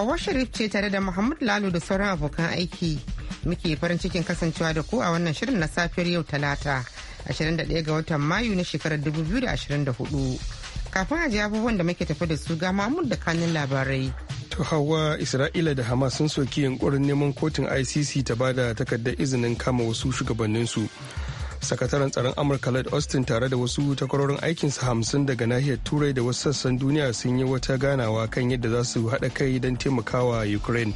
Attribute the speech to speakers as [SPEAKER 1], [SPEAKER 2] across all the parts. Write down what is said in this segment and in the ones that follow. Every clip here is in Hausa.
[SPEAKER 1] Hawa Sharif ce tare da Muhammad Lalo da sauran abokan aiki. Muke farin cikin kasancewa da ku a wannan shirin na safiyar yau Talata, 21 ga watan Mayu na shekarar 2024. Kafin a ji abubuwan da muke tafi da su ga
[SPEAKER 2] Mahmud da kanin labarai. To Hawa Isra'ila da Hamas sun soki yunkurin neman kotun ICC ta bada takardar izinin kama wasu shugabanninsu. sakataren tsaron amurka lloyd austin tare da wasu takwarorin aikinsa hamsin daga nahiyar turai da wasu sassan duniya sun yi wata ganawa kan yadda za su haɗa kai don taimakawa ukraine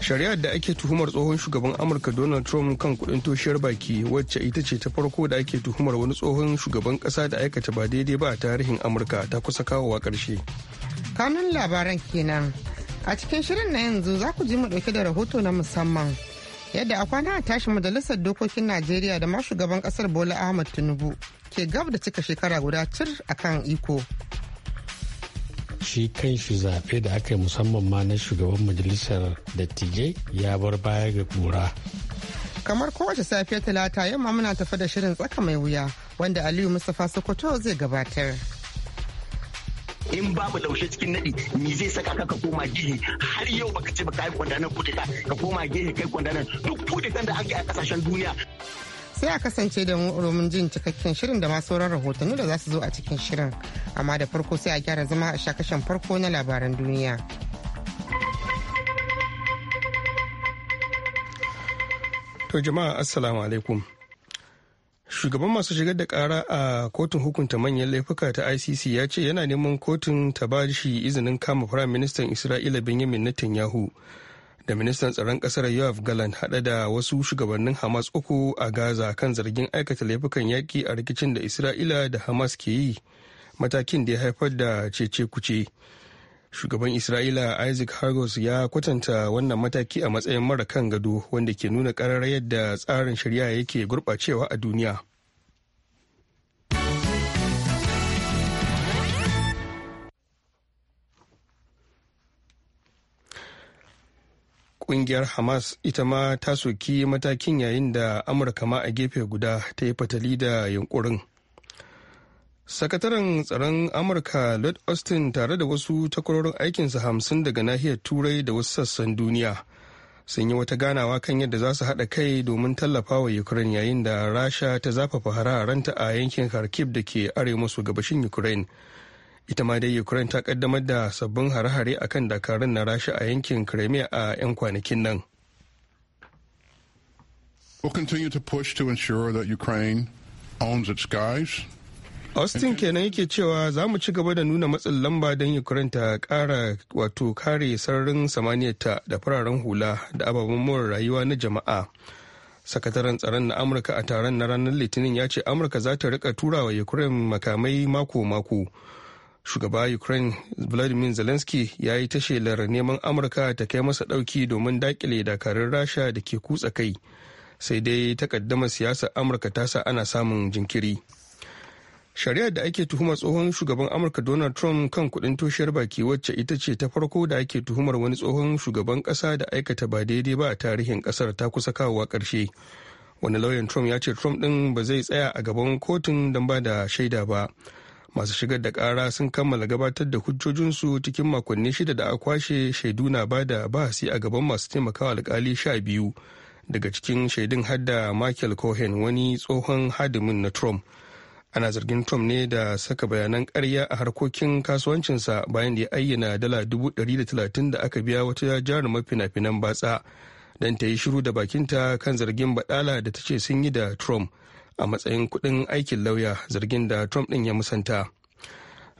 [SPEAKER 2] shari'ar da ake tuhumar tsohon shugaban amurka donald trump kan kudin toshiyar baki wacce ita ce ta farko da ake tuhumar wani tsohon shugaban kasa da aikata ba daidai ba a tarihin amurka ta kusa kawowa karshe
[SPEAKER 1] kanun labaran kenan a cikin shirin na yanzu za ku ji mu ɗauke da rahoto na musamman yadda a kwana a tashi majalisar dokokin najeriya da ma shugaban kasar bola ahmad tinubu ke gab da cika shekara guda a kan iko
[SPEAKER 3] shi kan shi zafe da aka yi musamman ma na shugaban majalisar dattijai ya bar baya ga kura
[SPEAKER 1] kamar kowace safiya talata yamma muna tafi da shirin tsaka mai wuya wanda aliyu mustapha sokoto zai gabatar
[SPEAKER 4] in babu laushe cikin nadi me zai saka ka ka koma gihi har yau baka ce baka yi kwandanan kudeta ka koma gihi kai kwandanan duk kudetan da ake a kasashen duniya
[SPEAKER 1] sai a kasance da mu domin jin cikakken shirin da ma sauran rahotanni da za su zo a cikin shirin amma da farko sai a gyara zama a shakashen farko
[SPEAKER 2] na labaran duniya to jama'a assalamu alaikum shugaban masu shigar da kara a kotun hukunta manyan laifuka ta icc ya ce yana neman kotun ta ba shi izinin kama firayim ministan isra'ila benjamin netanyahu da ministan tsaron kasar yoav galan hada da wasu shugabannin hamas uku a gaza kan zargin aikata laifukan yaƙi a rikicin da isra'ila da hamas ke yi matakin da ya haifar da cece kuce shugaban isra'ila isaac hargos ya kwatanta wannan mataki a matsayin mara kan gado wanda ke nuna karar yadda tsarin shari'a yake gurɓacewa a duniya Ƙungiyar hamas ita ma ta soki matakin yayin da amurka ma a gefe guda ta yi fatali da yunkurin sakataren tsaron amurka lord austin tare da wasu takwarorin aikinsa hamsin daga nahiyar turai da wasu sassan duniya sun yi wata ganawa kan yadda za su haɗa kai domin tallafa wa ukraine yayin da rasha ta zafafa hararanta a yankin kharkiv da ke arewa maso gabashin ukraine ita ma dai ukraine ta kaddamar da sabbin hare-hare akan dakarun na rasha a yankin crimea a 'yan kwanakin nan
[SPEAKER 5] We'll continue to push to ensure that Ukraine owns its
[SPEAKER 2] skies Austin kenan yake cewa za mu ci gaba da nuna matsin lamba don Ukraine ta kara wato kare sararin samaniyarta da fararen hula da ababen more rayuwa na jama'a. Sakataren tsaron na Amurka a taron na ranar Litinin ya ce Amurka za ta rika wa Ukraine makamai mako-mako. Shugaba Ukraine Vladimir Zelensky ya yi ta shelar neman Amurka ta kai masa ɗauki domin dakile dakarun Rasha da ke kutsa kai. Sai dai takaddamar siyasar Amurka ta sa ana samun jinkiri. shari'ar da ake tuhumar tsohon shugaban amurka donald trump kan kudin toshiyar baki wacce ita ce ta farko da ake tuhumar wani tsohon shugaban kasa da aikata ba daidai ba a tarihin kasar ta kusa kawowa karshe wani lauyan trump ya ce trump din ba zai tsaya a gaban kotun don ba da shaida ba masu shigar da kara sun kammala gabatar da hujjojinsu cikin makonni shida da a kwashe shaidu na ba da bahasi a gaban masu taimakawa alkali sha biyu daga cikin shaidun hadda michael cohen wani tsohon hadimin na trump ana zargin trump ne da saka bayanan karya a harkokin kasuwancinsa bayan da ya ayyana dala 130 da aka biya wata jarumar fina-finan batsa don ta yi shiru da bakinta kan zargin badala da ta ce sun yi da trump a matsayin kudin aikin lauya zargin da trump din ya musanta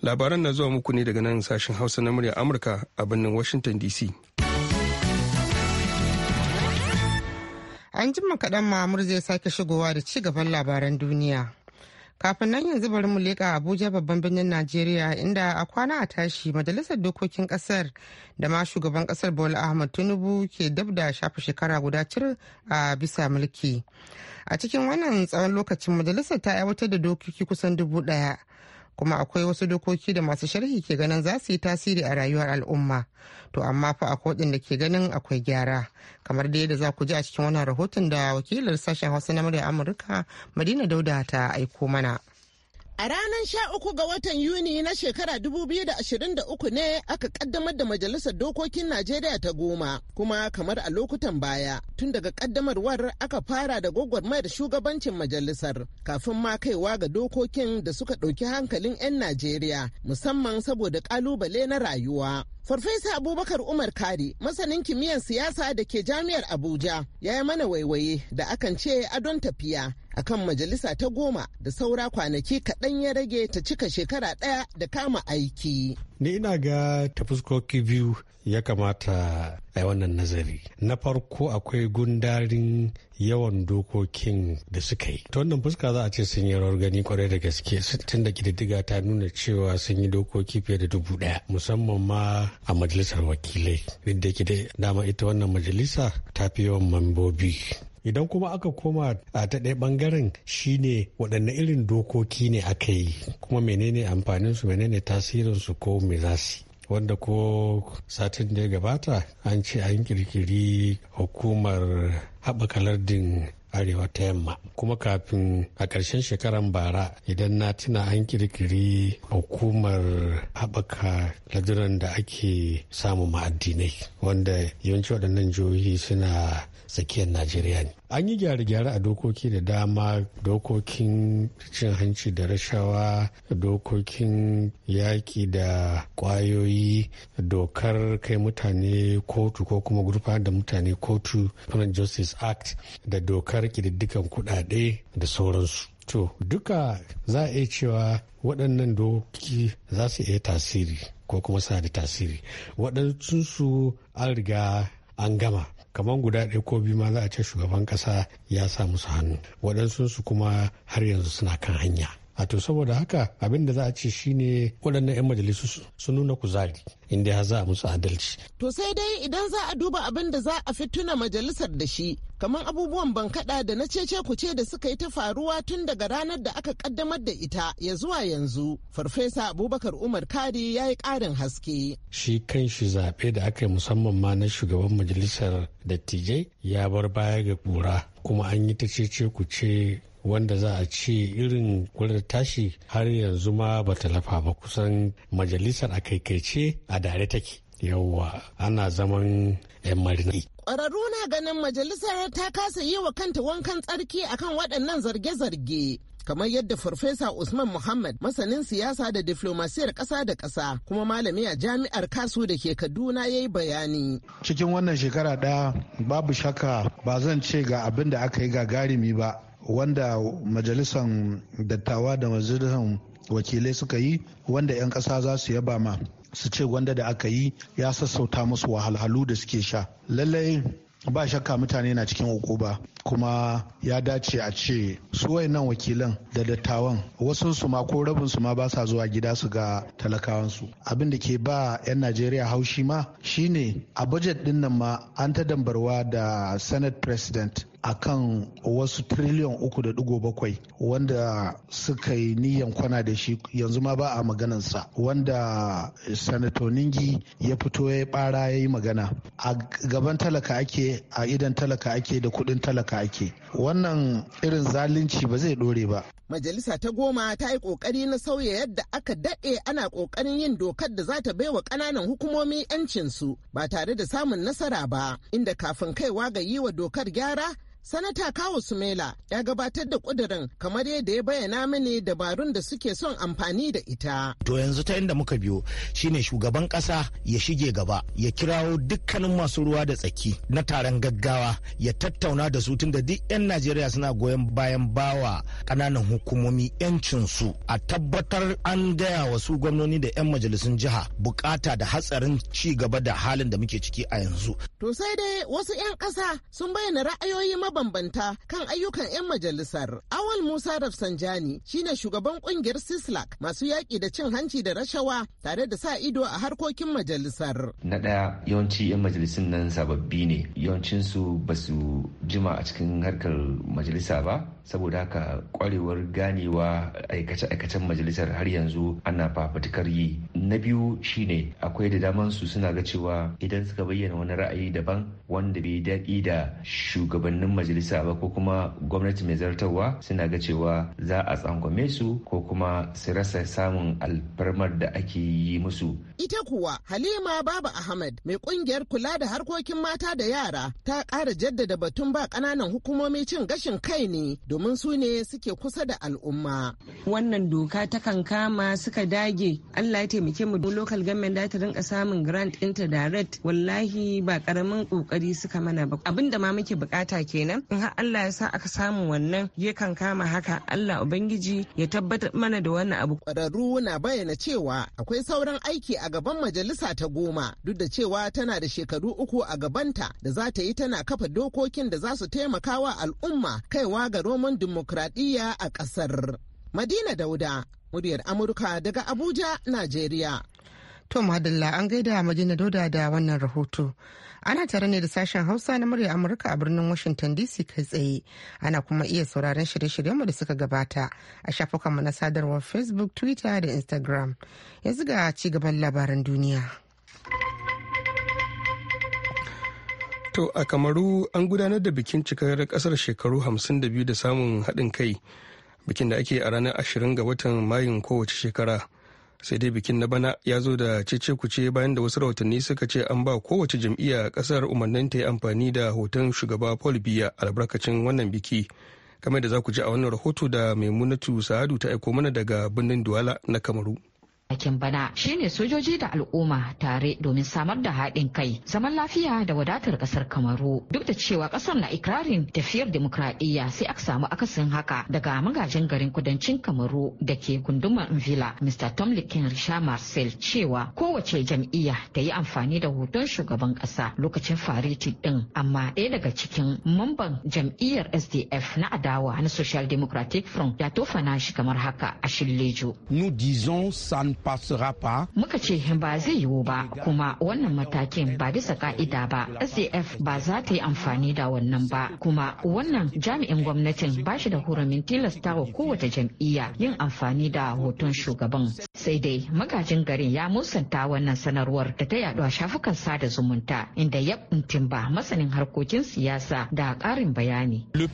[SPEAKER 2] labaran na zuwa muku ne daga nan sashen hausa na murya amurka a birnin washington dc
[SPEAKER 1] an jima kaɗan mamur zai sake shigowa da ci gaban labaran duniya kafin nan yanzu bari mu leka abuja babban birnin najeriya inda a kwana a tashi majalisar dokokin kasar da ma shugaban kasar bola ahmad tinubu ke dab da shafa shekara guda cir a bisa mulki a cikin wannan tsawon lokacin majalisar ta aiwatar da dokoki kusan dubu ɗaya kuma akwai wasu dokoki da masu sharhi ke ganin za su yi tasiri a rayuwar al'umma to amma fa a kodin da ke ganin akwai gyara kamar da yadda za ku ji a cikin wannan rahoton da wakilar sashen hausa na murya amurka madina dauda ta aiko mana.
[SPEAKER 6] A ranar sha uku ga watan Yuni na shekara da uku ne aka kaddamar da Majalisar Dokokin Najeriya ta goma, kuma kamar a lokutan baya, tun daga kaddamarwar aka fara da gwagwarmayar shugabancin majalisar, kafin ma kaiwa ga dokokin da suka ɗauki hankalin 'yan Najeriya, musamman saboda ƙalubale na rayuwa. Farfesa Abubakar Umar Kari, masanin kimiyyar siyasa da ke jami'ar Abuja, ya yi mana waiwaye da akan ce adon tafiya a kan majalisa ta goma da saura kwanaki kaɗan ya rage ta cika shekara ɗaya da kama aiki.
[SPEAKER 3] Ni ina ga ta biyu ya kamata a wannan nazari na farko akwai gundarin yawan dokokin da suka yi ta wannan fuska za a ce sun yi rawar gani kwarai da gaske tun da kididdiga ta nuna cewa sun yi dokoki fiye da dubu daya musamman ma a majalisar wakilai inda ke dama ita wannan majalisa ta fi yawan mambobi idan kuma aka koma a ta ɗaya ɓangaren shine waɗanne irin dokoki ne aka yi kuma menene amfaninsu menene tasirinsu ko me za su wanda ko satin da ya gabata an ce an kirkiri hukumar haɓaka lardin arewa ta yamma kuma kafin a ƙarshen shekaran bara idan na tuna an kirkiri hukumar haɓaka laduran da ake samu ma'addinai wanda yawanci waɗannan jihohi suna tsakiyar najeriya ne an yi gyare-gyare a dokoki da dama dokokin cin hanci da rashawa dokokin yaƙi da ƙwayoyi dokar kai mutane kotu ko kuma gurfa da mutane kotu criminal justice act da dokar kididdikan kuɗaɗe da sauransu to duka za a iya cewa waɗannan doki za su iya tasiri ko kuma suna da tasiri waɗansu an riga an gama kamar guda ɗaya ko biyu ma za a ce shugaban ƙasa ya sa musu hannu waɗansu su kuma har yanzu suna kan hanya a to saboda haka abin da za a ce shine waɗannan 'yan majalisu su nuna kuzari inda ya za a musu adalci
[SPEAKER 6] to sai dai idan za a duba abin da za a fi tuna majalisar da shi kamar abubuwan bankaɗa da na cece ce da suka yi ta faruwa tun daga ranar da aka kaddamar da ita ya zuwa yanzu farfesa abubakar umar kari ya yi ƙarin haske
[SPEAKER 3] shi kan shi zaɓe da aka yi musamman ma na shugaban majalisar dattijai ya bar baya ga kura kuma an yi ta cece ce. wanda za a ce irin gurin tashi har yanzu ma ba ta lafa ba kusan majalisar a kaikaice a dare take yawwa ana zaman 'yan marinai
[SPEAKER 6] ƙwararru na ganin majalisar ta kasa yi wa kanta wankan tsarki akan waɗannan zarge-zarge kamar yadda farfesa usman muhammad masanin siyasa da diflomasiyar ƙasa da ƙasa kuma malami a jami'ar kasu da ke kaduna ya yi bayani
[SPEAKER 7] cikin wannan shekara ɗaya babu shaka ba zan ce ga abin da aka yi gagarumi ba wanda majalisar dattawa da majalisar wakilai suka yi wanda 'yan ƙasa za su yaba ma su ce wanda da aka yi ya sassauta musu wahalhalu da suke sha lallai ba shakka mutane na cikin ukuba kuma ya dace a ce su nan wakilan da dattawan wasu su ma ko rabin su ma ba sa zuwa gida su ga talakawan su abin da ke ba 'yan najeriya haushi ma shine a budget din nan ma an ta dambarwa da senate president akan wasu triliyan uku da digo bakwai wanda suka yi niyan kwana da shi yanzu ma ba a maganansa wanda sanato ningi ya fito ya bara ya yi magana a gaban talaka ake a idan talaka ake da kudin talaka ake wannan irin zalunci ba zai dore ba
[SPEAKER 6] majalisa ta goma ta yi kokari na sauya yadda aka daɗe ana kokarin yin dokar da za ta baiwa ƙananan hukumomi 'yancinsu ba tare da samun nasara ba inda kafin kaiwa ga yi wa dokar gyara Sanata Kawu Sumela ya gabatar da kudirin kamar yadda ya bayyana mini dabarun da suke son amfani da ita.
[SPEAKER 7] To yanzu ta inda muka biyo shine shugaban kasa ya shige gaba ya kirawo dukkanin masu ruwa da tsaki na taron gaggawa ya tattauna da su tun da duk 'yan Najeriya suna goyon bayan bawa kananan hukumomi yancin su a tabbatar an gaya wa su gwamnoni da 'yan majalisun jiha bukata da hatsarin ci gaba da halin da muke ciki a yanzu.
[SPEAKER 6] To sai dai wasu 'yan ƙasa sun bayyana ra'ayoyi mabambanta kan ayyukan 'yan majalisar. Awal Musa Rafsanjani shine shugaban kungiyar Sislak masu yaƙi da cin hanci da rashawa tare da sa ido a harkokin majalisar.
[SPEAKER 8] Na ɗaya yawanci 'yan majalisun nan sababbi ne yawancinsu ba su jima a cikin harkar majalisa ba saboda haka kwarewar ganewa aikace-aikacen majalisar har yanzu ana fafutukar yi na biyu shine akwai da daman su suna ga cewa idan suka bayyana wani ra'ayi daban wanda bai daɗi da shugabannin majalisa ba ko kuma gwamnati mai zartarwa suna ga cewa za a tsangwame su ko kuma su rasa samun alfarmar da ake yi musu
[SPEAKER 6] ita kuwa halima baba ahmad mai kungiyar kula da harkokin mata da yara ta ƙara jaddada batun ba ƙananan hukumomi cin gashin kai ne domin su ne suke kusa da al'umma. Wannan doka ta kankama suka dage Allah ya taimake mu local government da ta rinka samun grant ɗinta direct wallahi ba karamin kokari suka mana ba abin ma muke bukata kenan in har Allah ya sa aka samu wannan ya kankama haka Allah ubangiji ya tabbatar mana da wannan abu. Kwararru na bayyana cewa akwai sauran aiki a gaban majalisa ta goma duk da cewa tana da shekaru uku a gabanta da za ta yi tana kafa dokokin da za su taimaka wa al'umma kaiwa ga Roma zaman dimokuraɗiyya a ƙasar. Madina
[SPEAKER 1] Dauda, muryar Amurka daga Abuja, Najeriya. To Madalla an gaida Madina Dauda da wannan rahoto. Ana tare ne da sashen Hausa na muryar Amurka a birnin Washington DC kai tsaye. Ana kuma iya sauraron shirye-shiryenmu da suka gabata a shafukanmu na sadarwar Facebook, Twitter da Instagram. Yanzu ga ci gaban labaran duniya.
[SPEAKER 2] To a Kamaru an gudanar da bikin cikar kasar shekaru 52 da samun haɗin kai bikin da ake a ranar ashirin ga watan Mayun kowace shekara. Sai dai bikin na bana ya zo da cece kuce bayan da wasu rahotanni suka ce an ba kowace jam'iyya kasar umarnin ta yi amfani da hoton shugaba Paul Biya albarkacin wannan biki. Kamar da za ku ji a wannan rahoto da Maimunatu Sa'adu ta aiko mana daga birnin Duwala na Kamaru.
[SPEAKER 9] Bakin bana shine sojoji da al'umma tare domin samar da haɗin kai zaman lafiya da wadatar ƙasar kamaru duk da cewa ƙasar na ikirarin tafiyar demokradiyya sai aka samu akasin haka daga magajin garin kudancin kamaru da ke gundumar villa mr tom likin risha marcel cewa kowace jam'iyya ta yi amfani da hoton shugaban ƙasa lokacin fariti ɗin. amma ɗaya daga cikin mamban jam'iyyar sdf na adawa na social democratic front ya tofana shi kamar haka a shillejo nous disons Muka ce ba zai yiwu ba kuma wannan matakin ba bisa ka'ida ba. SAF ba za ta yi amfani da wannan ba kuma wannan jami'in gwamnatin ba shi da hurumin tilasta wa kowace jam'iyya yin amfani da hoton shugaban. Sai dai magajin garin ya musanta wannan sanarwar da ta yaɗu a shafukan sada zumunta inda ya ba masanin harkokin siyasa da ƙarin bayani. Le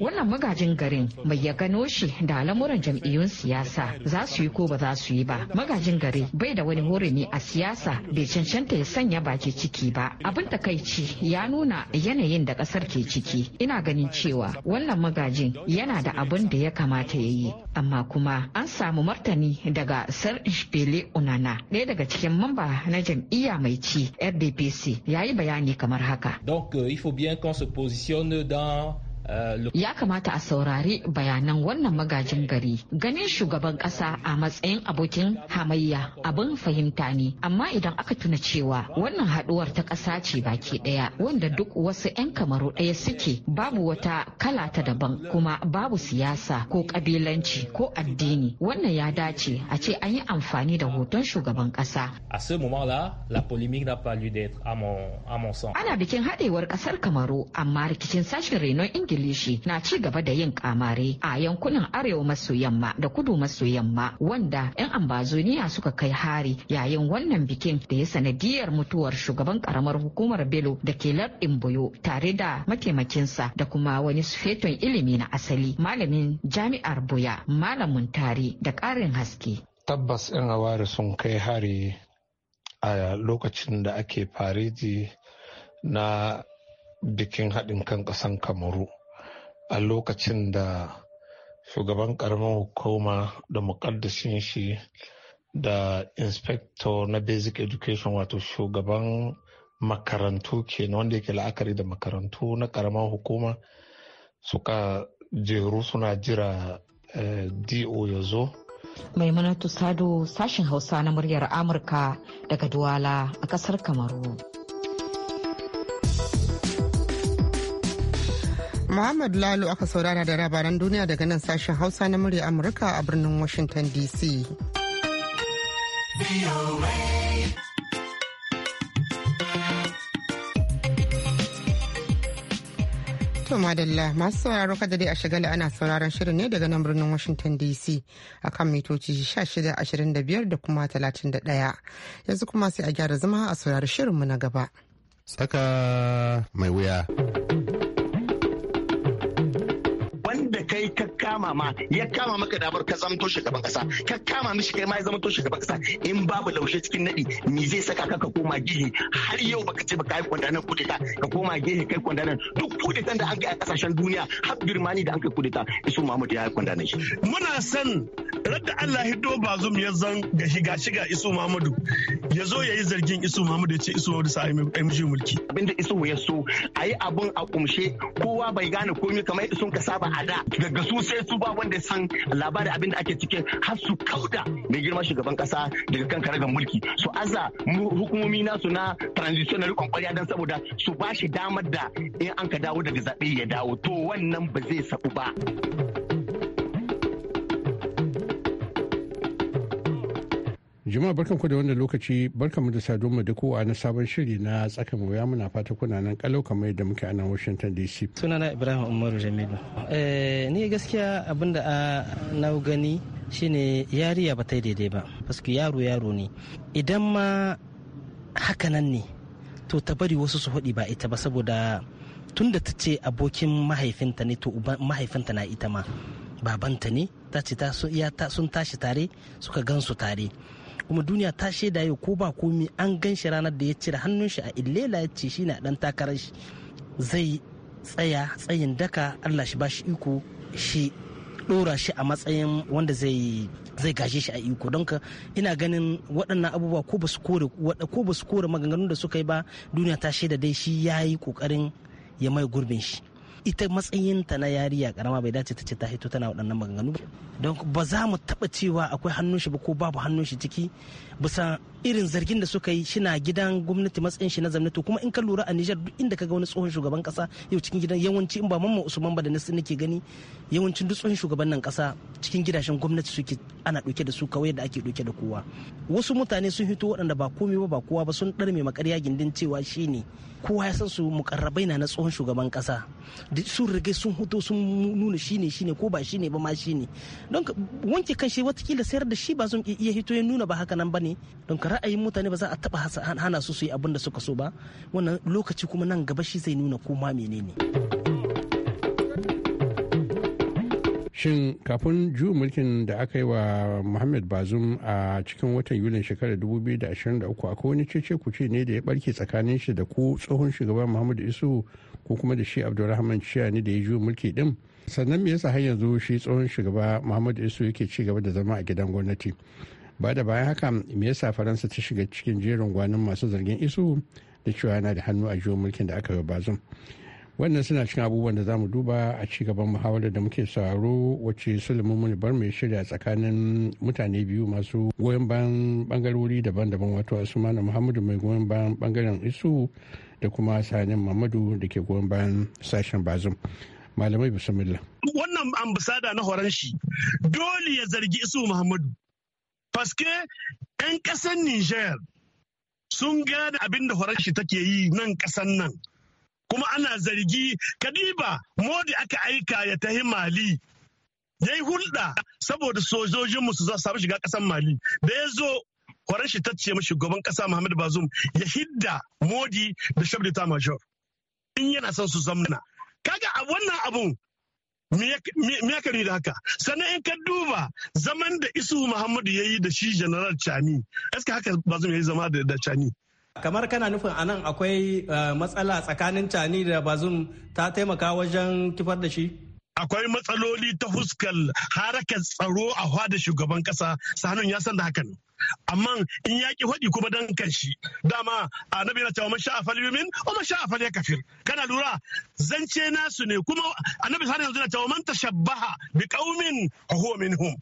[SPEAKER 9] Wannan magajin garin mai ya gano shi da lamuran jam'iyyu maganganun siyasa za su yi ko ba za su yi ba magajin gari bai da wani hurumi a siyasa bai cancanta ya sanya baki ciki ba abin takaici ya nuna yanayin da kasar ke ciki ina ganin cewa wannan magajin yana da abin da ya kamata ya yi amma kuma an samu martani daga sir ishbele unana ɗaya daga cikin mamba na jam'iyya mai ci rdpc ya yi bayani kamar haka donc euh, il faut bien qu'on se positionne dans Ya kamata a saurari bayanan wannan magajin gari. Ganin shugaban ƙasa a matsayin abokin hamayya abin fahimta ne, amma idan aka tuna cewa wannan haɗuwar ta ƙasa ce baki ɗaya wanda duk wasu 'yan kamaru ɗaya suke babu wata kala ta daban kuma babu siyasa ko ƙabilanci ko addini. Wannan ya dace a ce an yi amfani da hoton shugaban ƙasa. Ana bikin haɗewar ƙasar Kamaru amma rikicin sashen renon kilishi na ci gaba da yin kamare a yankunan arewa maso yamma da kudu maso yamma wanda 'yan ambazoniya suka kai hari yayin wannan bikin da ya sanadiyar mutuwar shugaban karamar hukumar belo da ke lardin Boyo tare da mataimakinsa da kuma wani sufetun ilimi na asali malamin jami'ar Boya malamin tare da ƙarin haske.
[SPEAKER 3] Tabbas 'yan awari sun kai hari a lokacin da ake fariji na bikin haɗin kan ƙasan kamaru a lokacin da shugaban karamin hukuma da mukaddashin shi da inspector na basic education wato shugaban makarantu kenan wanda yake la'akari da makarantu na karamin hukuma suka jeru suna jira eh, do ya zo
[SPEAKER 9] maimunatu sado sashen hausa na muryar amurka daga duwala a kasar kamaru
[SPEAKER 1] Muhammad Lalo aka saurara da labaran duniya daga nan sashen Hausa na murya Amurka a birnin Washington DC. To madalla masu sauraro kada dai a shagala ana sauraron shirin ne daga nan birnin Washington DC a kan mitoci 1625 da kuma 31. Yanzu kuma sai a gyara zama a saurari shirinmu na gaba.
[SPEAKER 5] Tsaka mai wuya.
[SPEAKER 4] kama ma ya kama maka damar ka zamto shugaban kasa ka kama mishi kai ma ya zamto shugaban kasa in babu laushe cikin nadi me zai saka ka ka koma gihi har yau baka ce baka yi kwandanan kudeta ka koma gihi kai kwandanan duk kudetan da an kai a kasashen duniya har birmani da an kai kudeta isu Muhammad ya yi kwandanan shi muna san radda Allah hiddo zum ya zan ga shiga shiga
[SPEAKER 10] isu Muhammadu ya zo ya yi zargin isu Muhammadu ya ce isu Muhammadu sa ai mulki abinda isu
[SPEAKER 4] ya so ayi abun a kumshe kowa bai gane komai kamar isun ka saba a da daga su sai su ba wanda san labarin abin da ake cikin har su kauda mai girma shugaban kasa daga kan karagar mulki su aza hukumomi nasu na transition na rikon kwariya don saboda su ba shi damar da in an ka dawo daga zaɓe ya dawo to wannan ba zai sabu ba.
[SPEAKER 5] Jama'a ku da wannan lokaci mu da saduwa da kowa na sabon shiri na tsakan wuya muna fata kuna nan kalau kamar yadda muke anan Washington DC. Sunana Ibrahim Umaru Jamilu.
[SPEAKER 11] Eh, ni gaskiya abinda ah, na gani shine yariya ba ta daidai ba. Paske yaro yaro ne. Idan ma hakanan ne to ta bari wasu su hudi ba ita ba saboda tunda ta ce abokin mahaifinta ne to mahaifinta na ita ma babanta ne ta ce sun tashi tare suka gansu tare kuma duniya ta shaida yau ko ba komi an gan shi ranar da ya cire hannun shi a illela ya ce shine dan takarar shi zai tsaya tsayin daka Allah shi ba shi iko shi dora shi a matsayin wanda zai zai gashe shi a iko don ka ina ganin waɗannan abubuwa ko ba su kore ko ba su kore maganganun da suka yi ba duniya ta shaida dai shi ya yi kokarin ya mai gurbin shi ita matsayinta na yariya karama bai dace ta ce ta hito tana waɗannan maganganu don ba za mu taɓa cewa akwai hannun shi ba ko babu hannun shi ciki bisa irin zargin da suka yi shina gidan gwamnati matsayin shi na zamnato kuma in ka lura a Nijar duk inda ka ga wani tsohon shugaban kasa yau cikin gidan yawanci in ba mamman Usman ba da nasu nake gani yawancin duk tsohon shugaban nan kasa cikin gidashen gwamnati suke ana dauke da su kawai da ake dauke da kowa wasu mutane sun hito waɗanda ba komai ba ba kowa ba sun ɗarme makarya gindin cewa shi ne kowa ya san su mukarrabai na na tsohon shugaban kasa sun rige sun hito sun nuna shi ne ko ba shi ne ba ma shi ne don wanke kan shi watakila sayar da shi ba zan iya hito ya nuna ba haka nan bane don ka ra'ayin mutane ba za a taba hana su su yi abin da suka so ba wannan lokaci kuma nan gaba shi zai nuna koma menene
[SPEAKER 5] shin kafin juyin mulkin da aka yi wa muhammad bazum a cikin watan yulin shekarar 2023 akwai wani cece kuce ne da ya barke tsakanin shi da ku tsohon shugaban muhammadu isu ko kuma da shi abdulrahman ne da ya juyin mulki din sannan me yasa har yanzu shi tsohon shugaba muhammadu isu yake ci gaba da zama a gidan gwamnati ba da bayan haka me yasa faransa ta shiga cikin jerin gwanin masu zargin isu da cewa yana da hannu a juyin mulkin da aka yi bazum wannan suna cikin abubuwan da za mu duba a ci gaban muhawarar da muke sauraro wacce sulaiman muni bar mai shirya tsakanin mutane biyu masu goyon bayan bangarori daban-daban wato asumana muhammadu mai goyon bayan bangaren isu da kuma sanin mamadu da ke goyon bayan sashen bazum malamai bisimila
[SPEAKER 10] wannan ambasada na horon shi dole ya zargi isu muhammadu Faske 'yan ƙasar Nijar sun gane abin da shi take yi nan ƙasan nan. Kuma ana zargi kadiba modi aka aika ya tahi Mali. Ya yi hulɗa saboda sojojinmu su za su shiga ƙasar Mali. Da ya zo horar shi ta ce shugaban ƙasa Muhammadu Bazoum ya hidda modi da shabdita ta major. In yana son su zamna. Kaga a wannan abun me ya ka da haka sannan in ka duba zaman da isu muhammadu ya yi da shi general chani
[SPEAKER 8] eska haka ba ya yi zama da chani kamar kana nufin anan akwai eh, matsala tsakanin cani da bazum ta taimaka wajen kifar da shi akwai matsaloli ta
[SPEAKER 10] huskar harakar tsaro a hada shugaban kasa sanun ya san da hakan amma in ya ki faɗi kuma dan kanshi dama annabi yana cewa masha afal yumin o masha afal ya kafir kana lura zance nasu ne kuma annabi sani alaihi yanzu yana cewa man tashabbaha bi qaumin huwa minhum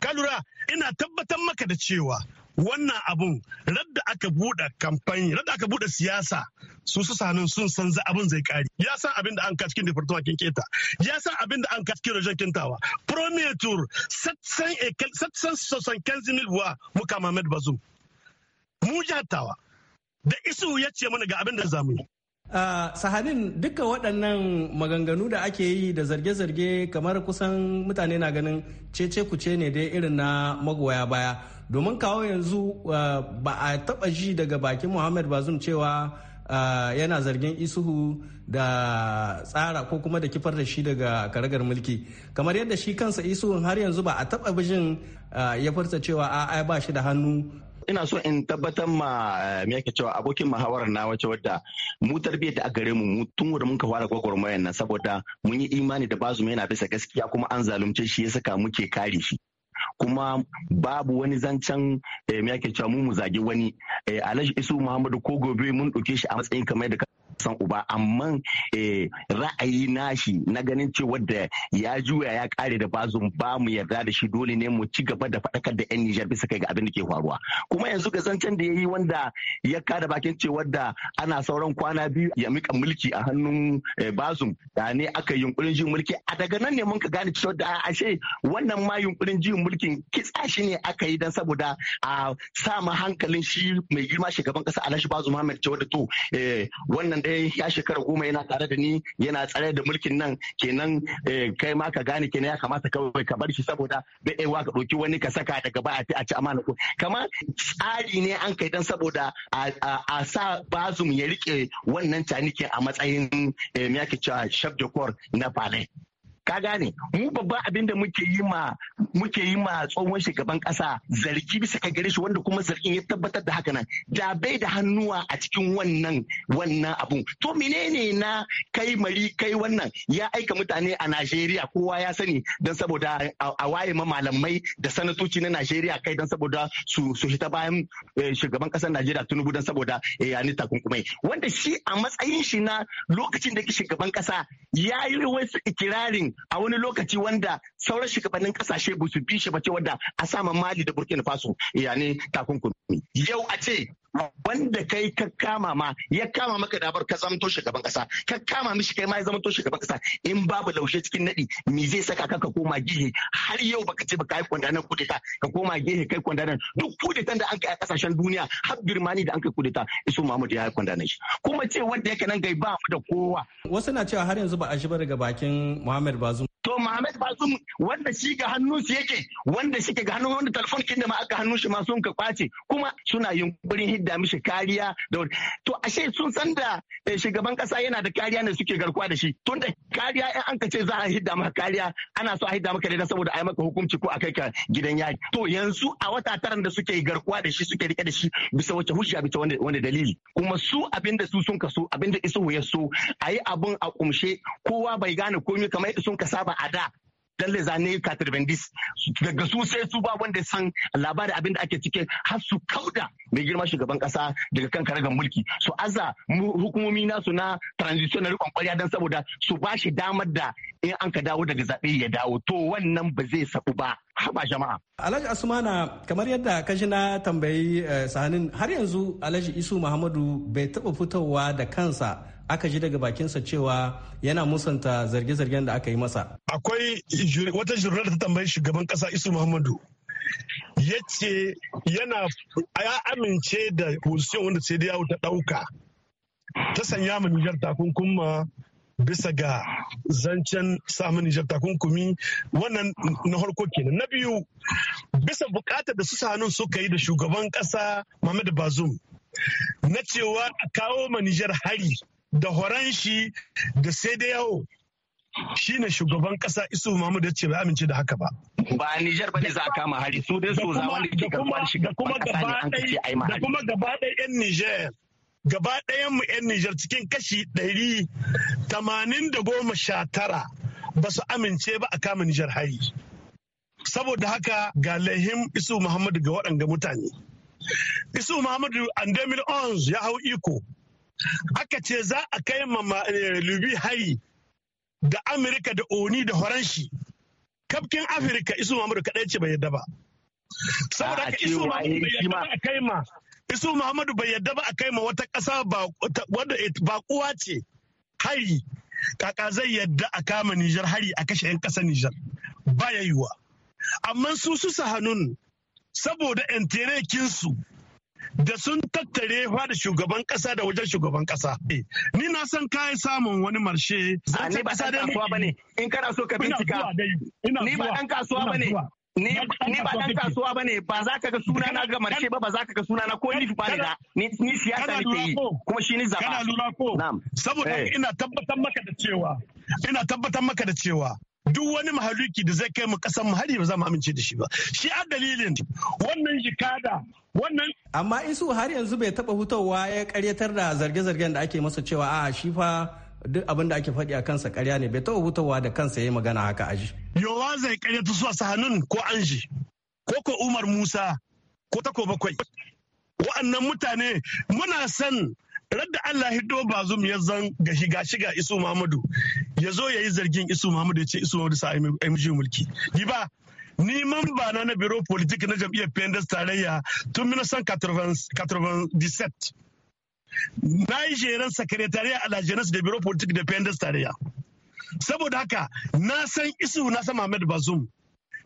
[SPEAKER 10] ka lura ina tabbatar maka da cewa wannan abun radda aka buɗe kamfani radda aka buɗe siyasa su su sanin sun san za abin zai kare ya san abin da an ka cikin department kin keta ya san abin da an ka cikin region kintawa premier satsan sosan kanzimil, wa muka Mamad bazu
[SPEAKER 8] mu jatawa da isu ya ce mana ga abin da zamu yi Uh, sahanin duka waɗannan maganganu da ake yi da zarge-zarge kamar kusan mutane na ganin cece kuce ne dai irin na magoya baya domin kawo yanzu uh, ba a taba ji daga bakin muhammad bazum cewa uh, yana zargin isuhu da tsara ko kuma da kifar da shi daga karagar mulki kamar yadda shi kansa isuhun har yanzu ba a taba bijin uh, ya furta cewa a ba shi da hannu
[SPEAKER 4] ina so in tabbatar ma me yake cewa abokin muhawarar na wace wadda mu tarbiyyar da a gare mu tun wanda mun ka fara gwagwarmayar nan saboda mun yi imani da bazu yana bisa gaskiya kuma an zalunce shi ya saka muke kare shi kuma babu wani zancen eh, me mu mu zagi wani eh, alhaji isu muhammadu ko gobe mun ɗauke shi a matsayin kamar da san uba amma eh, ra'ayi nashi na ganin cewa da ya juya ya kare da bazum ba mu yarda da shi dole ne mu ci gaba da faɗakar da 'yan Nijar bisa kai ga abin da ke faruwa kuma yanzu ga zancen da yayi wanda ya kada bakin cewa da ana sauran kwana biyu ya mika mulki a hannun eh, bazum da ne aka yunkurin jin mulki a daga nan ne mun ka gane cewa da ashe wannan ma yunkurin jin mulkin kitsa shi ne aka yi dan saboda a sa ma hankalin shi mai girma shugaban kasa Alhaji Bazum Muhammad cewa da to eh, wannan dai eh, ya shekara goma yana tare da ni yana tsare da mulkin nan kenan eh, kai ma ka gane kenan ya kamata kawai ka bar shi saboda bai aiwa ka ɗauki wani ka saka daga ba a ci amana ko kamar tsari ne an kai dan saboda a sa bazum ya rike wannan canikin a matsayin eh, me yake cewa chef de corps na palais ka gane mu babban abin da muke yi ma muke yi ma tsohon shugaban kasa zargi bisa ka gare shi wanda kuma zargin ya tabbatar da haka nan da bai da hannuwa a cikin wannan wannan abun to menene na kai mari kai wannan ya aika mutane a Najeriya kowa ya sani don saboda a waye ma malamai da sanatoci na Najeriya kai don saboda su su hita bayan eh, shugaban kasar Najeriya Tinubu don saboda eh, ya ni takunkumai wanda shi a matsayin shi na lokacin da shugaban kasa ya yi wasu ikirarin a wani lokaci wanda sauran shugabannin kasashe ba su bi shi ba ce wanda a sama Mali da Burkina Faso Yane takunkumi. Yau a ce wanda kai ka kama ma ya kama maka dabar ka zamto shugaban kasa ka kama mishi kai ma ya zamto shugaban kasa in babu laushe cikin nadi me zai saka ka ka koma gihe har yau baka ce baka yi kwandanan kudeta ka koma gihe kai kwandanan duk kudetan da an kai a kasashen duniya har birmani da an kai kudeta isu Muhammad ya yi kwandanan shi kuma ce wanda yake nan gai ba mu da kowa wasu na cewa har yanzu ba
[SPEAKER 8] a shi daga bakin Muhammad Bazum to Muhammad Basu,
[SPEAKER 4] wanda shi ga hannun su yake wanda shi ga hannun wanda telefon kin da ma aka hannun shi ma sun ka kwace kuma suna yunkurin hidda mishi kariya da to ashe sun san da eh, shugaban kasa yana da kariya ne suke garkuwa da shi tunda kariya in an ka ce za a hidda maka kariya ana so a hidda maka ne saboda a yi maka hukunci ko a kai ka gidan yaki to yanzu a wata taran da suke garkuwa da shi suke rike da shi bisa wace hujja bisa wani dalili kuma su abinda su sun kaso abinda isu ya so a yi abun a kumshe kowa bai gane komai kamar sun ka saba a da dan le zane katarbendis daga su sai su ba wanda san labarin abin da ake cike har su kauda mai girma shugaban kasa daga kan karagar mulki su aza hukumomi nasu na transitionary kwankwariya don dan saboda su ba shi damar da in an ka dawo daga zaɓe ya dawo to wannan ba zai saɓu ba haba jama'a.
[SPEAKER 8] Alhaji Asumana kamar yadda kashi na tambayi eh, sanin har yanzu Alhaji Isu Muhammadu bai taɓa fitowa da kansa aka ji daga bakinsa cewa yana musanta zarge-zargen da aka yi masa. Akwai wata
[SPEAKER 10] jirar ta tambayi shugaban kasa Isu Muhammadu ya ce yana ya amince da position wanda sai da yawo ta ɗauka ta sanya mu Nijar takunkuma bisa ga zancen samun Nijar takunkumi wannan na harko kenan. Na biyu bisa bukatar da su hannun suka yi da shugaban kasa Muhammadu Bazum na cewa a kawo ma Nijar hari da horon shi da sai da yawo ne shugaban kasa isu mamu da ce bai amince da haka ba
[SPEAKER 4] ba a Nijar ne za a kama hari su dai su zama wanda ke karban shi kuma gaba
[SPEAKER 10] ɗaya da kuma gaba ɗaya yan Nijar gaba ɗayan mu yan Nijar cikin kashi ɗari tamanin da goma sha tara ba su amince ba a kama Nijar hari saboda haka ga lahim isu Muhammadu ga waɗanga mutane isu Muhammadu and ya hau iko aka ce za a kai ma eh, lubi hari da amurka da oni da horanshi kafkin afirka isu mamuru kaɗai ce bai yadda ba saboda ka isu bai yadda ba a kai ma wata ƙasa wadda baƙuwa ce hari kaka zai yadda a kama nijar hari a kashe 'yan ƙasa nijar ba ya wa. amma su su hannun saboda enterekinsu da sun tattare da shugaban kasa da wajen shugaban kasa. Eh, ni na san kayi
[SPEAKER 4] samun wani marshe. Ni ba ɗan kasuwa ba ne. In kana so ka bincika. Ni ba ɗan kasuwa ba ne. Ni ba ɗan kasuwa ba ne ba za ka ga suna na ga marshe ba ba za ka ga suna na ko ni ba ne ni siyasa nake yi kuma shi ni zaba. Kana lura ko. Saboda
[SPEAKER 10] eh. ina tabbatar maka da cewa. Ina tabbatar maka da cewa duk wani mahaluki da zai kai
[SPEAKER 8] mu kasan mu hari ba za mu amince da shi ba shi a dalilin wannan jikada wannan amma isu har yanzu bai taba hutawa ya karyatar da zarge-zargen da ake masa cewa a shi fa duk abin da ake faɗi a kansa karya ne bai taba hutawa da kansa yayi magana haka aji yowa zai
[SPEAKER 10] karyata su a sahanun ko anji ko ko umar musa ko tako bakwai wa'annan mutane muna san radda Allah hiddo bazum ya zan ga shiga shiga isu Muhammadu ya zo ya yi zargin isu Muhammadu ya ce isu Muhammadu sa MJ mulki ni ba ni mamba na na biro politik na jam'iyyar PNDS tarayya tun 1997 na yi jeren sakretariya a lajenas da biro politik da PNDS tarayya saboda haka na san isu na san Muhammadu Bazum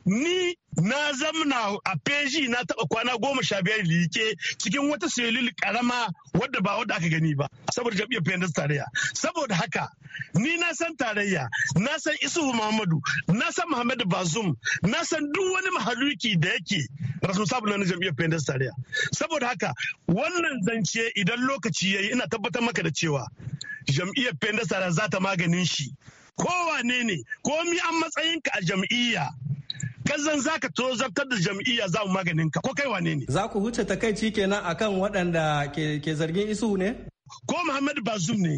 [SPEAKER 10] ni na zamna a peji na taba kwana goma sha biyar liƙe cikin wata selul karama wadda ba wadda aka gani ba saboda jam'iyyar pendas tarayya saboda haka ni na san tarayya na san isuhu muhammadu na san muhammadu bazum na san duk wani mahaluki da yake responsable na jam'iyyar pendas tarayya saboda haka wannan zance idan lokaci yayi ina tabbatar maka da cewa jam'iyyar pendas tarayya za ta maganin shi kowane ne komi an matsayinka a jam'iyya
[SPEAKER 8] kazan zaka tozartar da jam'iyya za mu maganin ka ko kai wane ne za ku huce takaici kenan akan waɗanda ke zargin isu ne ko muhammadu bazum ne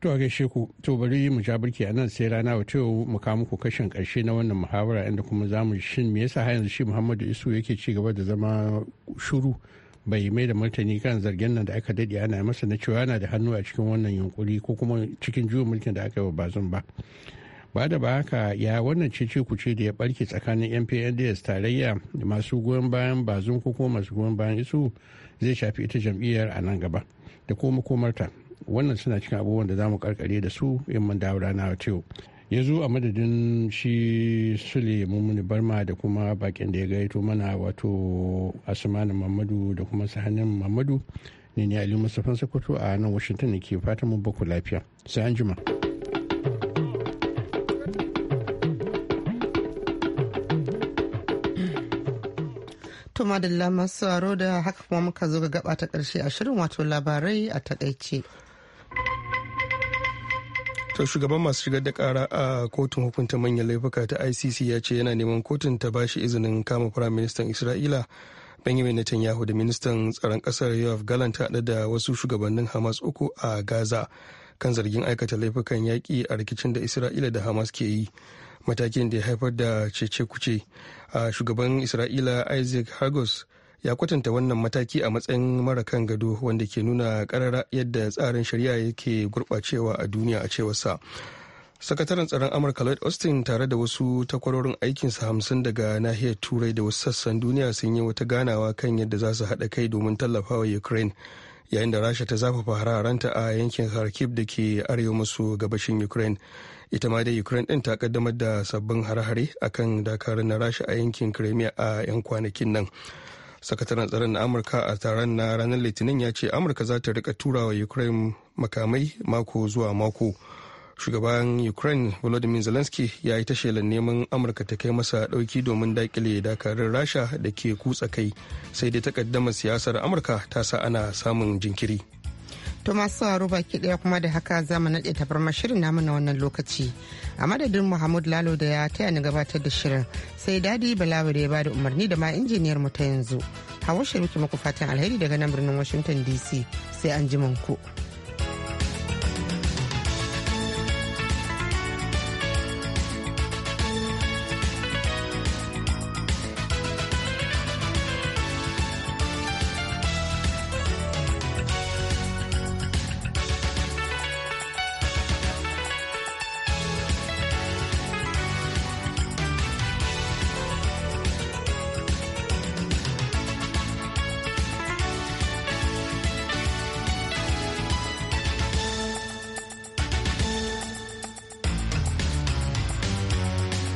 [SPEAKER 5] Tuwa gaishe ku to bari mu ja birki a nan sai rana wato mu kawo muku kashin karshe na wannan muhawara inda kuma za mu shin me yasa har yanzu shi Muhammadu Isu yake ci gaba da zama shuru bai mai da martani kan zargin nan da aka daɗe ana masa na cewa yana da hannu a cikin wannan yunkuri ko kuma cikin juyin mulkin da aka yi wa bazin ba ba da ba haka ya wannan cece ce da ya barke tsakanin mpnds tarayya masu goyon bayan bazin ko kuma masu goyon bayan isu zai shafi ita jam'iyyar a nan gaba da kuma komarta wannan suna cikin abubuwan da za mu karkare da su in mun dawo rana ta yau ya zo a madadin shi sule mummuni barma da kuma bakin da ya gaito mana wato asmanu mamadu da kuma sahanin mamadu ne ne ali mustapha sokoto a nan washington da ke fatan mu baku lafiya sai an jima
[SPEAKER 1] to madalla masu da haka kuma muka zo ga gaba ta karshe a shirin wato labarai a takaice
[SPEAKER 2] to shugaban masu shigar da kara a kotun hukunta manyan laifuka ta icc ya ce yana neman kotun ta ba shi izinin kama firayim ministan isra'ila benjamin netanyahu da ministan tsaron kasar yoav galanta haɗe da wasu shugabannin hamas uku a gaza kan zargin aikata laifukan yaƙi a rikicin da isra'ila da hamas ke yi matakin da ya haifar da cece kuce a shugaban isra'ila isaac hargus ya kwatanta wannan mataki a matsayin mara kan gado wanda ke nuna karara yadda tsarin shari'a yake gurɓacewa a duniya a cewarsa sakataren tsaron amurka lloyd austin tare da wasu takwarorin aikinsa hamsin daga nahiyar turai da wasu sassan duniya sun yi wata ganawa kan yadda za su haɗa kai domin tallafawa ukraine yayin da rasha ta zafafa hararanta a yankin kharkiv da ke arewa masu gabashin ukraine ita ma dai ukraine din ta kaddamar da sabbin hare-hare akan dakarun na rasha a yankin crimea a 'yan kwanakin nan sakataren tsaron na amurka a taron na ranar litinin ya ce amurka za ta rika wa ukraine makamai mako zuwa mako shugaban ukraine volodymyr zelensky ya yi ta neman amurka ta kai masa dauki domin dakile dakarun rasha da ke kutsa kai sai dai takaddamar siyasar amurka ta sa ana samun jinkiri
[SPEAKER 1] To masu sauraro baki daya kuma da haka za mu naɗe tabarmar shirin namu na wannan lokaci. A madadin Muhammad Lalo da ya taya ni gabatar da shirin sai Dadi balawa da ya bada umarni da ma injiniyar mu ta yanzu. Hawa muke muku fatan alheri daga nan birnin Washington DC sai an ji ku.